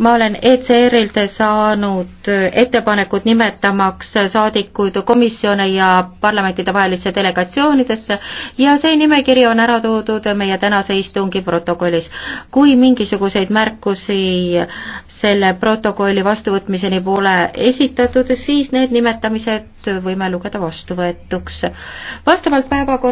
ma olen ECR-ilt saanud ettepanekud nimetamaks saadikud komisjone ja parlamentide vahelisse delegatsioonidesse ja see nimekiri on ära toodud meie tänase istungi protokollis. kui mingisuguseid märkusi selle protokolli vastuvõtmiseni pole esitatud, siis need nimetamised võime lugeda vastuvõetuks. vastavalt päevakorra